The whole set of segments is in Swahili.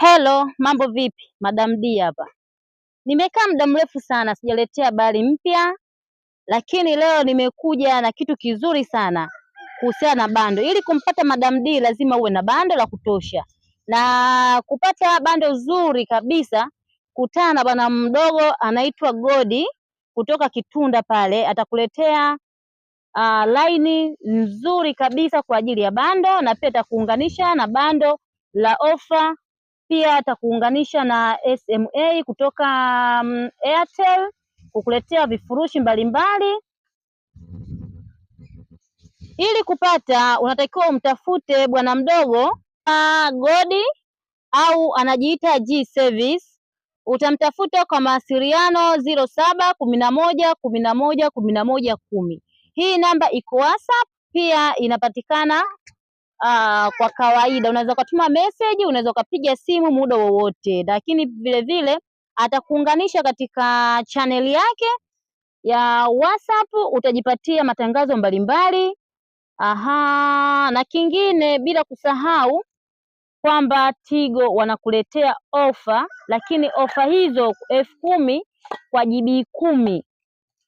Hello, mambo vipi? Madam D hapa. Nimekaa muda mrefu sana sijaletea habari mpya, lakini leo nimekuja na kitu kizuri sana kuhusiana na bando. Ili kumpata Madam D lazima uwe na bando la kutosha, na kupata bando zuri kabisa, kutana na bwana mdogo anaitwa Godi kutoka Kitunda pale, atakuletea uh, laini nzuri kabisa kwa ajili ya bando, na pia atakuunganisha na bando la ofa pia atakuunganisha na SMA kutoka um, Airtel kukuletea vifurushi mbalimbali. Ili kupata, unatakiwa umtafute bwana mdogo a Godi au anajiita G Service. Utamtafuta kwa mawasiliano ziro saba kumi na moja kumi na moja kumi na moja kumi. Hii namba iko WhatsApp, pia inapatikana aa, ah, kwa kawaida unaweza ukatuma message, unaweza ukapiga simu muda wowote, lakini vilevile atakuunganisha katika chaneli yake ya WhatsApp, utajipatia matangazo mbalimbali. Aha, na kingine bila kusahau kwamba Tigo wanakuletea ofa, lakini ofa hizo elfu kumi kwa GB kumi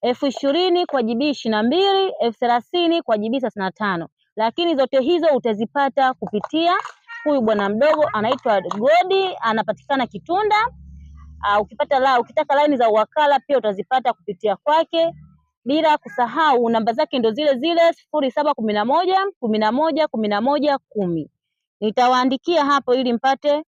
elfu ishirini kwa GB ishirini na mbili elfu thelathini kwa GB thelathini na tano lakini zote hizo utazipata kupitia huyu bwana mdogo anaitwa Godi, anapatikana Kitunda. Uh, ukipata la, ukitaka laini za uwakala pia utazipata kupitia kwake, bila kusahau namba zake ndo zile zile sifuri saba kumi na moja kumi na moja kumi na moja kumi. Nitawaandikia hapo ili mpate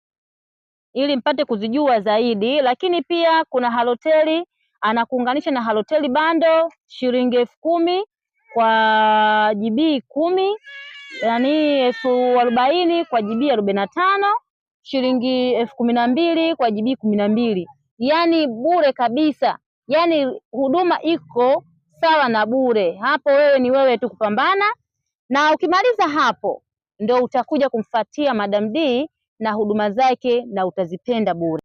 ili mpate kuzijua zaidi, lakini pia kuna Haloteli anakuunganisha na Haloteli bando shilingi elfu kumi kwa GB kumi, yani elfu arobaini kwa GB arobaini na tano, shilingi elfu kumi na mbili kwa GB kumi na mbili, yani bure kabisa. yani huduma iko sawa na bure. Hapo wewe ni wewe tu kupambana, na ukimaliza hapo ndio utakuja kumfuatia Madam D na huduma zake, na utazipenda bure.